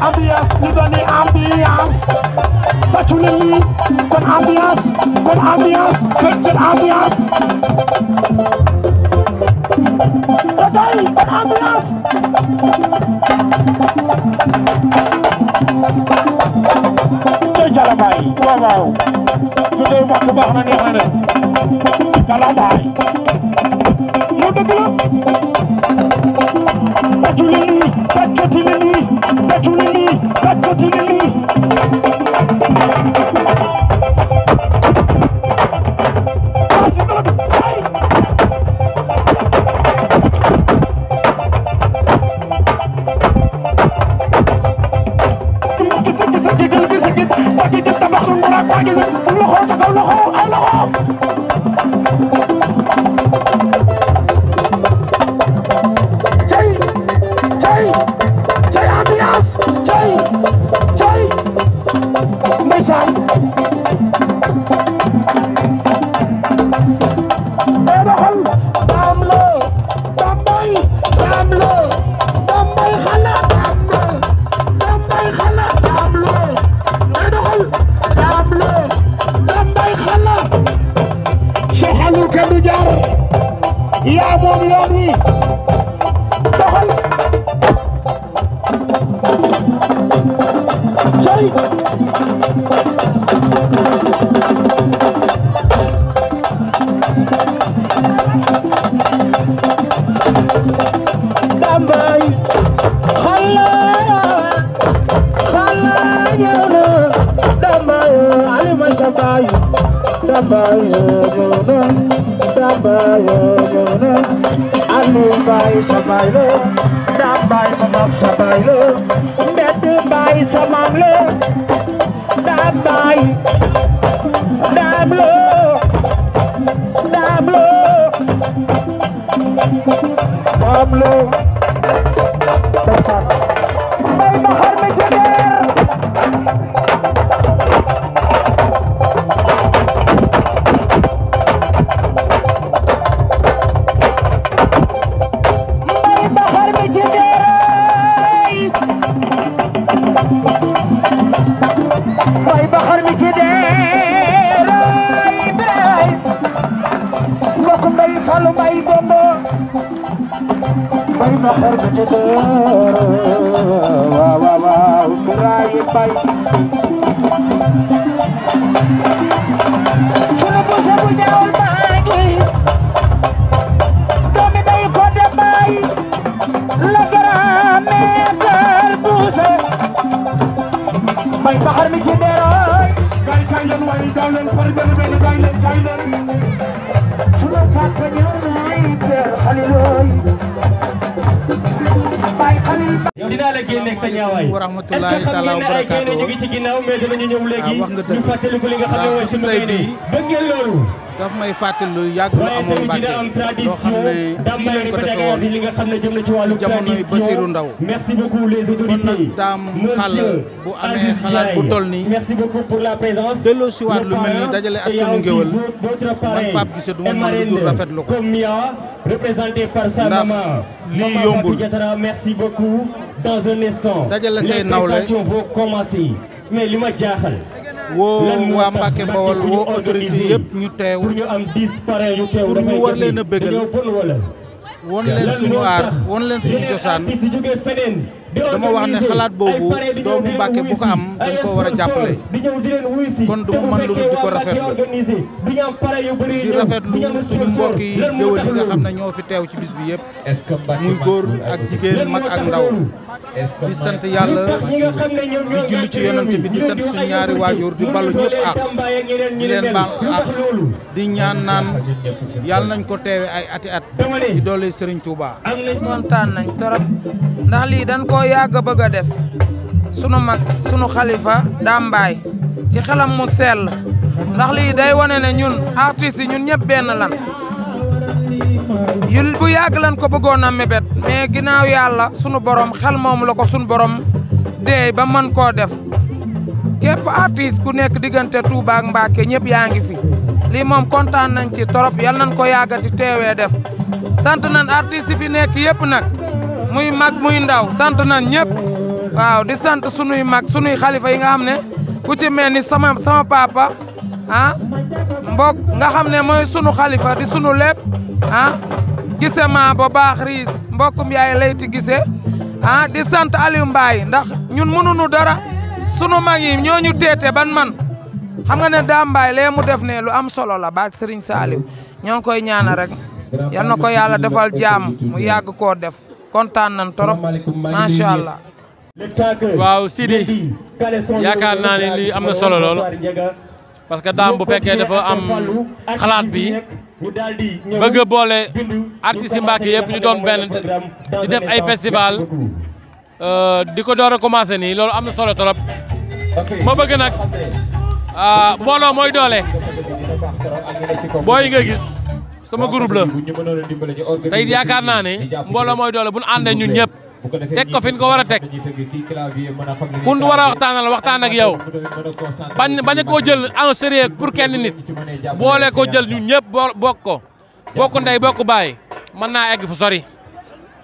ambiance ñu doon ne ambiance tàccu leen lii kon ambiance kon ambiance fekk seen ambiance ba tey kon ambiance te jalabaay waaw waaw su dee wax bu baax na neex na diggal bi sigit sa digit tabax lu ndarak waa gi loxo ca kaw loxo ay loxo sabayojona sabayojona alu bay sabaylo dabay mamam sabaylo mbedd bay samam lo dabay dablo dablo dablo waaw waaw waaw sa ñaawaay est-ce que xam ngeen ne ay gaynde ñu ngi ci ginnaaw mais dinañu ñëw léegi ah, ñu fàttaliku li nga xam ne mooy sunu gaynde bëgg ngeen loolu daf may fàttali lu yàgg lu amoon Mbàkke loo xam ne fii lañ ko defee woon jamonoy Basiru Ndaw merci beaucoup daam xal bu amee xalaat bu toll nii merci si waat lu mel ni dajale askanu ngéwël man Pape Guissé du ma mën lu dul rafetlu ko ndax lii yombul dans un instant. dajale say nawle les prestations vont commencer mais li ma jaaxal. woo waa Mbacke Mbawol woo autorité yëpp ñu teew pour ñu am 10 parrain yu teew pour ñu war leen bëggal won leen suñu aar won leen suñu cosaan artiste yi jógee feneen. dama wax ne xalaat boobu doomu Mbàkke bu ko am dañ koo war a jàppale kon du ma mën lu di ko rafetlu di rafetlu suñu mbokk yi jëwal yi nga xam ne ñoo fi teew ci bis bi yëpp muy góor ak jigéen mag ak ndaw di sant yàlla di julli ci yonent bi di sant suñu ñaari waajur di balu ñëpp ak di leen baal ak di ñaan naan yàlla nañ ko teewe ay ati at ci doole Serigne Touba kontaan nañ ndax lii dañ ko yàgg a bëgg a def sunu mag sunu xalifa Dame ci xelam mu sell ndax lii day wone ne ñun artistes yi ñun ñëpp benn lan yul bu yàgg lan ko bëggoon a mébét mais ginnaaw yàlla sunu borom xel moom la ko sunu borom deey ba mën koo def képp artiste ku nekk diggante Touba ak Mbacké ñëpp yaa ngi fi lii moom kontaan nañ ci torop yal nañ ko yàggati teewee def sant nañ artistes yi fi nekk yëpp nag muy mag muy ndaw sant na ñëpp waaw di sant sunuy mag sunuy xalifa yi nga xam ne ku ci mel ni sama sama papa ah mbokk nga xam ne mooy sunu xalifa di sunu lépp ah gise ma ba baax riis mbokkum yaay layti gise ah di sant Aliou mbaay ndax ñun mënuñu dara sunu mag yi ñoo ñu ban man xam nga ne daa mbaay lee mu def ne lu am solo la baat Serigne Saliou ñoo ngi koy ñaana rek yal ko yàlla defal jàmm mu yàgg koo def kontaan nañ trop macha allah. waaw Sidi yaakaar naa ne am na solo lool parce que daam bu fekkee dafa am xalaat bi bëgg a boole artistes yi Mbàkke ñu doon benn di def ay festival euh, di ko door a commencé nii loolu am na solo trop ma bëgg nag euh, mbooloo mooy doole booy nga gis. sama groupe la tey yaakaar naa ne mbooloo mooy doole bu nu ñu ñun ñëpp teg ko fi ñu ko war a teg ku ñu war a waxtaanal waxtaan ak yow bañ bañ koo jël en sérieux pour kenn nit boole ko jël ñun ñëpp bokk ko bokk ndey bokk baay mën naa egg fu sori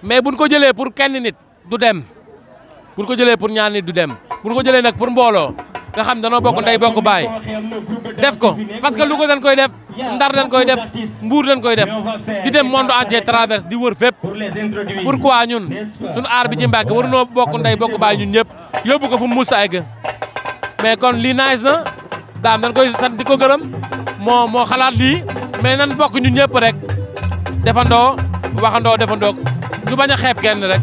mais buñ ko jëlee pour kenn nit du dem buñ ko jëlee pour ñaar nit du dem buñ ko jëlee nak pour mbooloo nga xam danoo bokk ndey bokk baay def ko parce que ko dañ koy def Ndar dañ koy def Mbuur dañ koy def di dem monde entier traverse di wër fépp pourquoi ñun suñu aar bi ci Mbàkke waruñoo bokk ndey bokk baay ñun ñëpp yóbbu ko fu mu mus a egg mais kon lii nice na daam dañ koy sant di ko gërëm moo moo xalaat lii mais nan bokk ñun ñëpp rek defandoo waxandoo defandoo ñu bañ a xeeb kenn rek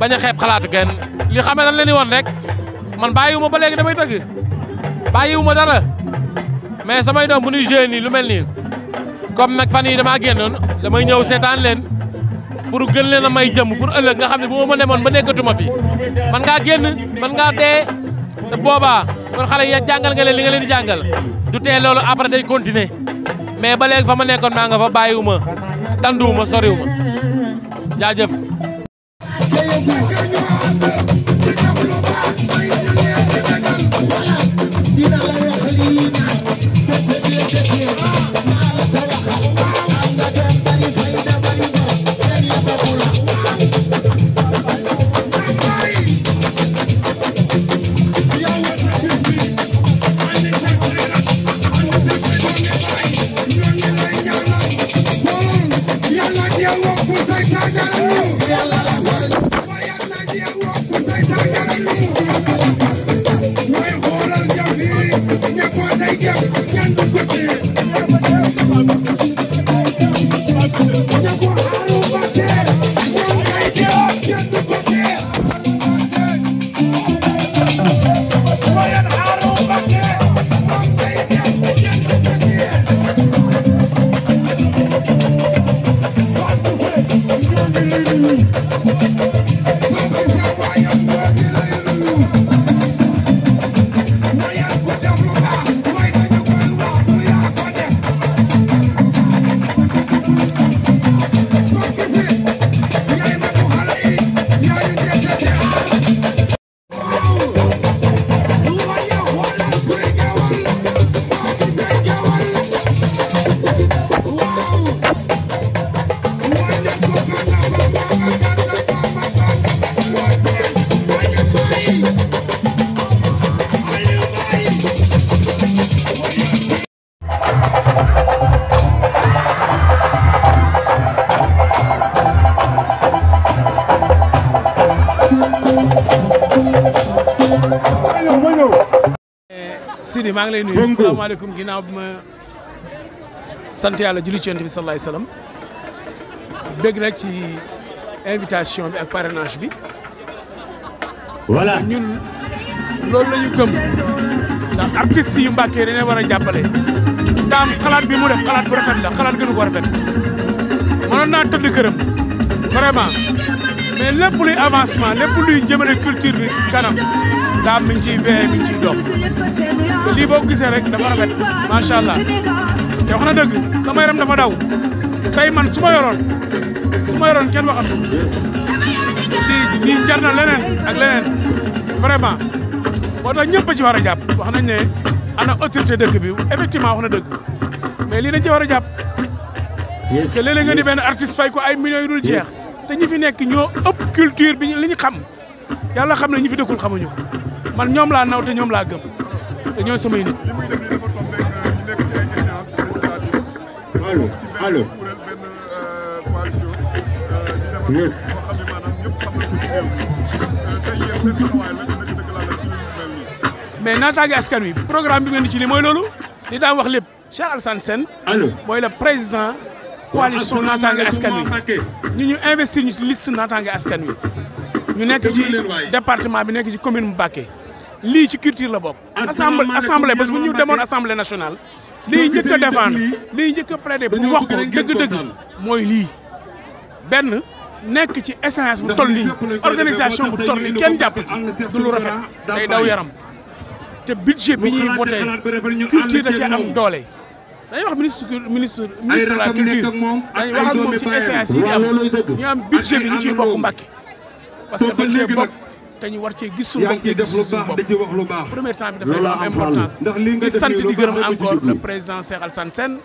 bañ a xeeb xalaatu kenn li xamee nan leen woon rek man bàyyiwuma ba léegi damay dëgg bàyyiwuma dara mais samay doom bu ñuy joué nii lu mel nii comme nag fan yii damaa génnoon damay ñëw seetaan leen pour gën leen a may jëm pour ëllëg nga xam ne bu ma demoon ba nekkatuma fi man ngaa génn man ngaa dee te boobaa kon xale ya jàngal nga leen li nga leen di jàngal du tee loolu après day continuer mais ba léegi fa ma nekkoon maa nga fa bàyyiwuma tanduwuma soriwuma jaajëf Sidi maa ngi lay nuyu salaamaaleykum ginnaaw bi ma sant yàlla julli ci yonent bi salaay salaam bëgg nag ci invitation bi ak parrainage bi. voilà parce que ñun loolu la ñu gëm ndax artistes yu Mbàkke dañu war a jàppale. daam xalaat bi mu def xalaat bu rafet la xalaat gënu ko rafet mënoon naa tëdd këram vraiment mais lépp luy avancement lépp luy jëmale culture bi kanam. daam mi ci ciy mi ngi ciy dox te lii boo gisee rek dafa rafet macha allah te wax na dëgg sama yaram dafa daw tey man su ma yoroon su ma yoroon kenn waxatu lii lii leneen ak leneen vraiment moo tax ñëpp a ci war a jàpp wax nañ ne ana autorité dëkk bi effectivement wax na dëgg mais lii dañ ci war a jàpp parce que léeg-léeg nga benn artiste fay ko ay millions yu dul jeex te ñi fi nekk ñoo ëpp culture bi li ñu xam yàlla xam ne ñi fi dëkkul xamuñu man ñoom laa naw te ñoom laa gëm te ñooy samay nit. Euh, allo allo. Euh, euh, neef. mais naataange askan wi programme bi ngeen di ci lii mooy loolu li daan wax lépp Cheikh Alassane Sène. président. coalition naataange askan wi ñu ñu investir ñu ci liste naataange askan wi. ñu nekk ci département bi nekk ci commune mu Mbacké lii ci culture la bokk. assemblée assemblée parce que bu ñu demoon assemblée nationale. lii njëkk a défendre lii njëkk a ko dëgg-dëgg mooy lii benn. nekk ci essence bu toll nii organisation bu toll nii kenn jàpp ci du rafet day daw yaram te budget bi ñuy voté culture da cee am doole dañuy wax ministre ministre ministre de la culture dañuy wax ak moom ci essence yi di am ñu am budget bi ñu ciy bokk Mbacké parce que dañ cee bokk te ñu war cee gis suñu am importance di sant di gërëm encore le président Cheikh Alassane Sène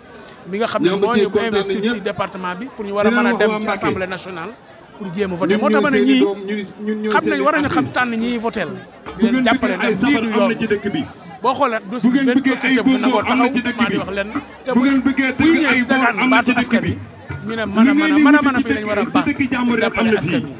mi nga xam ne moo ñu investir ci département bi pour ñu war a mën a dem assemblée nationale pour jéem a moo tax ma ne ñii xam nañ war a ñu xam tànn ñii voté la di jàppale ndax lii du yoon boo xoolee du si benn autorité bu fi nangoo taxaw di wax leen te bu ñu ñëwee dagaan bi ñu ne mën a mën a mën a mën a bi lañ war a baax jàppale askan bi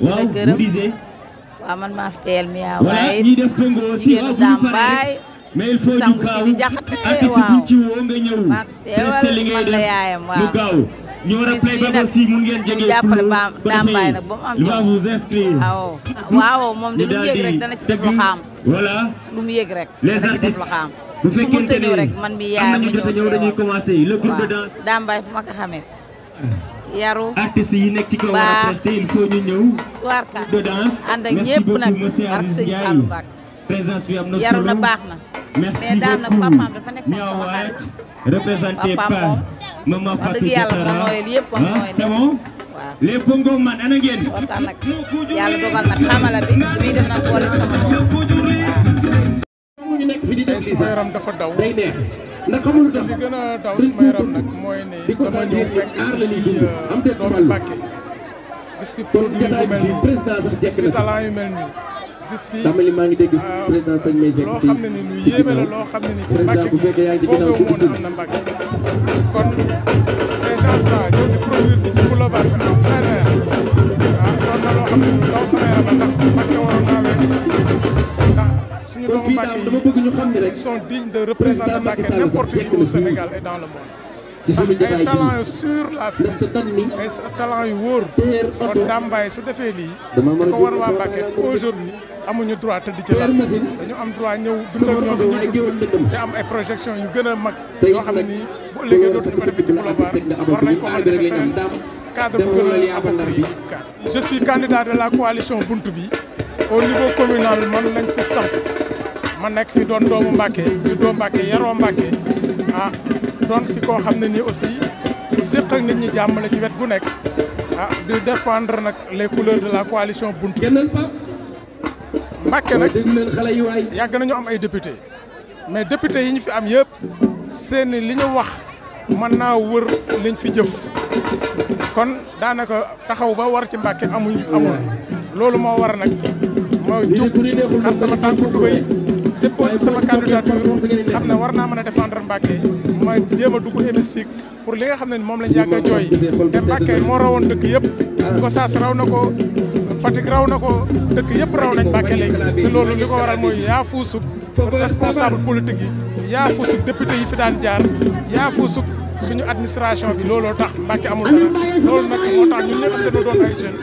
waaw gërëm waaw man maa fi teel mi yaa waaye jigéenu daam baay sangu si di jaxate waaw maa ko teewal man la yaayam waaw bis bii nag ñu jàppale baam daam baay nag ba mu am jom waaw moom de lu mu yëg rek dana ci def lu xaam lu mu rek dana ci def lu xaam rek man mi yaayam ma ñëw teewal waaw fu ma ko xamee yaru artiste yi nekk ci kaw war a presté il faut ñu ñëw. tubaarka ànd ak ñëpp nag barke sëñ Fallou na solo yaru na baax na. merci mais daam nag papaam dafa nekk sama xarit. représenté par maman Fatou Diatara wax dëgg yàlla moo nooyal yëpp wax ah, nooyal yëpp. waaw les pongo man ana ngeen. waxtaan nag yàlla dogal nag xamala bi muy def nag boole sama bopp. dafa daw ndax xamul tax li gën a daw suma yaram nag mooy ne dama ñëw fekk si euh, doomi Mbàkke gis fi produit yu mel nii gis fi talent yu mel nii gis fi maa ngi dégg euh, président sañ may sekk loo xam ne ni lu yéeme la loo xam ne ni ci Mbàkke bi foogoo woon am na Mbàkke kon ces gens là ñoo di produire fi ci boulevard bi en plein air ah doon na loo xam ne lu daw sama yaram ndax Mbàkke waroon naa weesu ndax suñu doomu Mbacké yi sont dignes de représenter Mbacké n'importe où au Sénégal et dans le monde ay talent yu sur la finesse ay talent yu wóor kon Dame su defee lii da ko war waa Mbacké aujourd'hui amuñu droit tëdd ci lal dañu am droit ñëw dund ak ñoom am ay projection yu gën mag yoo xam ne nii bu ëllëgee dootuñu ko defee ci boulevard war nañ ko mën a defee feneen cadre bu gën a approprié cadre je suis de la coalition bunt bi au niveau communal ma nekk fi doon doomu Mbacke juddoo Mbacke yaroo Mbacke ah doon fi koo xam ne nii aussi bu séq ak nit ñi jàmmale ci wet gu nekk ah di nag les couleurs de la coalition Bunt Mbacke nag yàgg nañu am ay député mais député yi ñu fi am yëpp seeni li ñu wax man naa wër liñ fi jëf kon daanaka taxaw ba war ci Mbacke amuñ amul loolu moo war nag moo jóg xar sama tànku tubéy déposé sama candidature xam ne war naa mën a défendre Mbacké ma jéem a dugg hémicycle pour li nga xam ne moom lañ yàgg a jooy te Mbacké moo dëkk yëpp Gossas raw na ko Fatick na ko dëkk yëpp raw nañ Mbacké léegi te loolu li ko waral mooy yaa fuusug responsable politique yi yaa fuusug député yi fi daan jaar yaa fuusug suñu administration bi looloo tax Mbacké amul dara loolu nag moo tax ñun ñëpp dañoo doon ay jeunes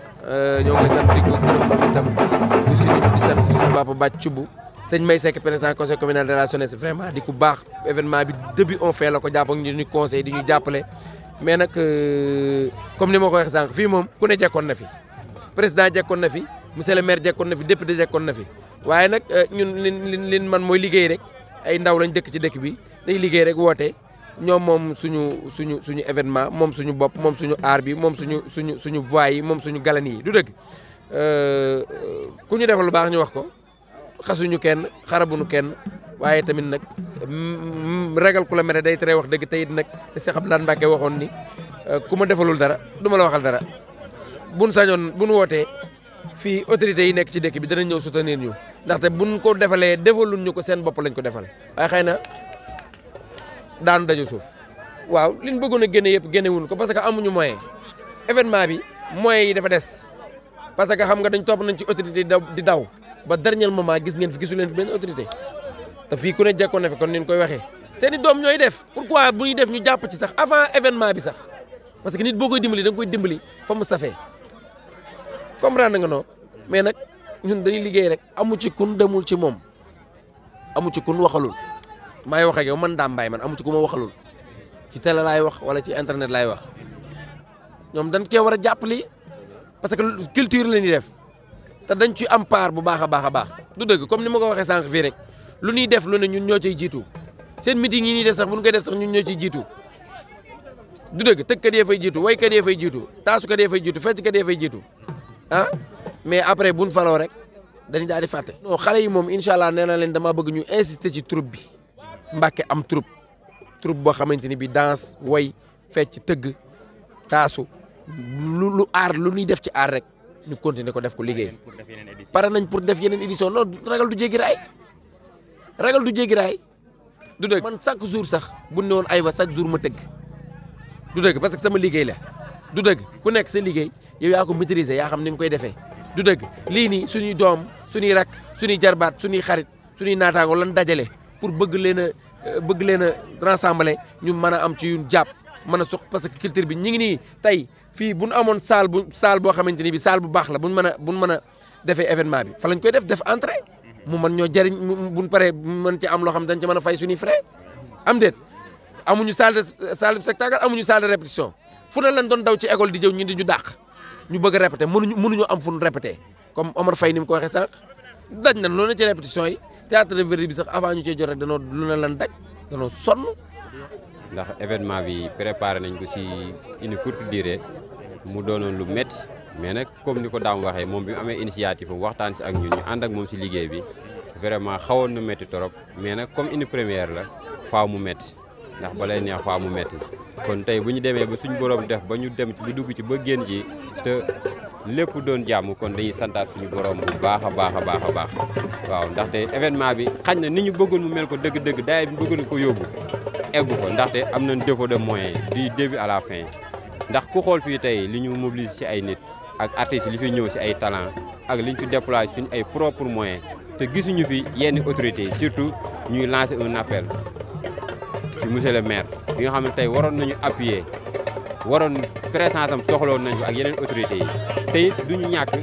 Euh, ñoo ngi koy sant di ko gërëm moom itam di suñu di sant suñu papa May Seck président conseil communal de la vraiment di ku baax événement bi début on fait la ko jàpp ñu ñu conseil di ñu jàppale. mais nag euh, comme ni ma ko waxee sànq fii moom ku ne jekkoon na fi président jekkoon na fi monsieur le maire jekkoon na fi député jekkoon na fi waaye nag euh, ñun li li man mooy liggéey rek ay ndaw lañ dëkk ci dëkk bi day liggéey rek woote. ñoom moom suñu suñu suñu événement moom suñu bopp moom suñu aar bi moom suñu suñu suñu voix yi moom suñu galan yi du dëgg euh, euh, ku ñu defalu baax ñu wax ko xasuñu kenn xarabuñu kenn waaye tamit nag mm, mm, ragal ku la mere day tere wax dëgg tey it nag si xam daan Mbàkke waxoon ni euh, ku ma defalul dara du ma la waxal dara buñ sañoon buñ wootee fii autorité yi nekk ci dëkk bi danañ ñëw soutenir ñu ndaxte buñ ko defalee defalul ñu ko seen bopp lañ ko defal waaye xëy na daanu dajo suuf waaw liñ bëggoon a génne yëpp génne ko parce que amuñu moyen événement bi moyens yi dafa des parce que xam nga dañ topp nañ ci autorité di daw ba dernier moment gis ngeen fi gisu leen fi benn autorité te fii ku ne jekkoon na fi kon ni koy waxee seen i doom ñooy def ko pourquoi bu ñuy def ñu jàpp ci sax avant événement bi sax parce que nit boo koy dimbali danga koy dimbali fa mu safee comprendre nga noo mais nag ñun dañuy liggéey rek amu ci kun demul ci moom amu ci kun waxalul maay wax ak yow man Dame Mbaye man amu ci ku ma waxalul ci télé laay wax wala ci internet laay wax ñoom dañ kee war a jàppali parce que culture la ñuy def te dañ ci am part bu baax a baax a baax du dëgg comme ni ma ko waxee sànq fii rek lu ñuy def lu ne ñun ñoo ciy jiitu seen meeting yi ñuy def sax bu ñu koy def sax ñun ñoo ci jiitu du dëgg tëggkat yee fay jiitu waykat yee fay jiitu taasukat yee fay jiitu fecckat yee fay jiitu ah mais après buñ faloo rek dañu daal di fàtte. non xale yi moom incha allah nee na leen damaa bëgg ñu insister ci troupe bi. Mbàkke am troupe troupe boo xamante ni bi danse woy fecc tëgg taasu lu lu aar lu ñuy def ci aar rek ñu continuer ko def ko liggéey pare nañ pour def yeneen édition non ragal du jéggi raay ragal du jéggi raay du dëgg man chaque jour sax bu ne ay ba chaque jour ma tëgg du dëgg parce que sama liggéey la du dëgg ku nekk sa liggéey yow yaa ko maîtriser yaa xam ni nga koy defee du dëgg lii nii suñuy doom suñuy rak suñuy jarbaat suñuy xarit suñuy naataango lan dajale pour bëgg leen a bëgg leen a rassembler ñu mën a am ci yuñ jàpp mën a sox parce que culture bi ñu ngi nii tey fii bu ñu amoon salle bu salle boo xamante ni bi salle bu baax la bu ñu mën a bu mën a defee événement bi fa lañ koy def def entrée mu mën ñoo jëriñ buñ paree mën ci am loo xam dañ ci mën a fay suñuy frais am déet amuñu salle de salle de spectacle amuñu salle de répétition fu ne lañ doon daw ci école di jëw ñu di ñu dàq ñu bëgg a répété mënuñu mënuñu am fu ñu répété comme Omar fay ni mu ko waxee sànq daj na loolu ci répétition yi théâtre de Verdi bi sax avant ñu cee jot rek danoo lu ne lan daj danoo sonn. ndax événement bi préparer nañ ko si une courte durée mu doonoon lu métti mais nag comme ni ko daam waxee moom bi mu amee initiative waxtaan si ak ñu ñu ànd ak moom si liggéey bi vraiment xawoon nu métti trop mais nag comme une première la faaw mu métti. ndax ba lay neex faa mu metti kon tey bu ñu demee ba suñu borom def ba ñu dem ba dugg ci ba génn ci te lépp doon jàmm kon dañuy santaat suñu borom bu baax a baax a baax a baax waaw ndaxte événement bi xañ na ni ñu bëggoon mu mel ko dëgg-dëgg daay bi bëggoon ko yóbbu eggu ko ndaxte am nañ défaut de moyens di début à la ndax ku xool fii tey li ñu mobiliser si ay nit ak artistes li fi ñëw ci ay talent ak liñ fi déployer suñu ay propres moyens te gisuñu fi yenn autorités surtout ñuy lancer un appel si monsieur le maire bi xam ne tey waroon nañu appuyer waroon présence am soxloon nañu ak yeneen autorités yi tey it duñu ñàkk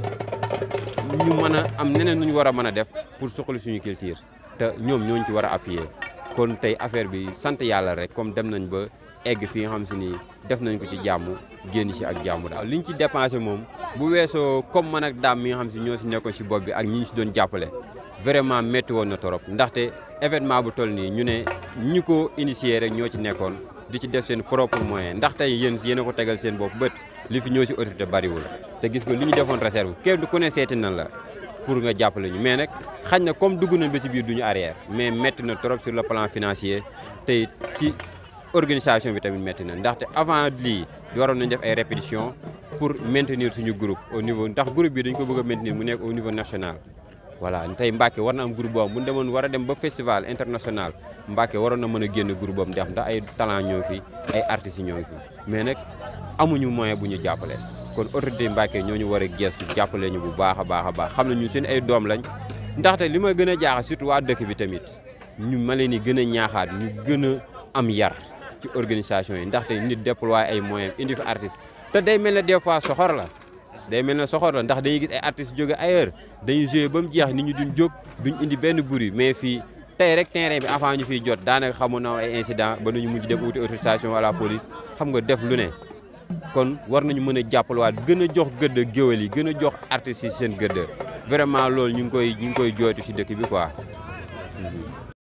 ñu mën a am neneen nu ñu war a mën a def pour suqali suñu culture te ñoom ñooñu ci war a appuyer kon tey affaire bi sant yàlla rek comme dem nañ ba egg fi nga xam si ni def nañ ko ci jàmm génn si ak jàmm daal. liñ ci dépensé moom bu weesoo comme man ak daam mi nga xam si ñoo si nekkoon si bopp bi ak ñi ñu si doon jàppale vraiment métti woon na trop ndaxte événement bu toll nii ñu ne ñi ko initié rek ñoo ci nekkoon di ci def seen propre moyen ndax tey yéen yéen a ko tegal seen bopp bët li fi ñoo si autorité bariwul te gis nga li ñu defoon réserve kenn ku ne seete nan la. pour nga jàppale ñu mais nag xañ na comme dugg nañ ba ci biir duñu arrière mais métti na trop le plan financier te it si organisation bi tamit métti na ndaxte avant lii waroon nañ def ay répétition pour maintenir ñu group au niveau ndax groupe bi dañ ko bëgg a maintenir mu nekk au niveau national voilà tey Mbacke war na am groupe boobu bu demoon war a dem ba festival international Mbacke waroon na mën a génn groupe boobu ndax ay talent ñoo fi ay artistes ñoo fi mais nag amuñu moyen bu ñu jàppale kon autorité Mbacke ñoo ñu war a gestu jàppale ñu bu baax a baax a baax xam ne ñun seen ay doom lañ ndaxte li ma gën a jaaxal surtout waa dëkk bi tamit ñu ma leen di gën a ñaaxaat ñu gën a am yar. ci organisation yi ndaxte nit déployer ay moyens indi fi artiste te day mel ne des fois soxor la day mel ne soxor la ndax dañu gis ay artistes jóge ailleurs dañu joué ba mu jeex nit ñu duñ jóg duñ indi benn bruit mais fii tey rek terrain bi avant ñu fiy jot daanaka xamoon naw ay incident ba nañu mujj dem wuti autorisation à la police xam nga def lu ne kon war nañu mën a jàppalewaat gën a jox gëdd géwél yi gën a jox artistes yi seen gëdd vraiment loolu ñu ngi koy ñu ngi koy jooytu si dëkk bi quoi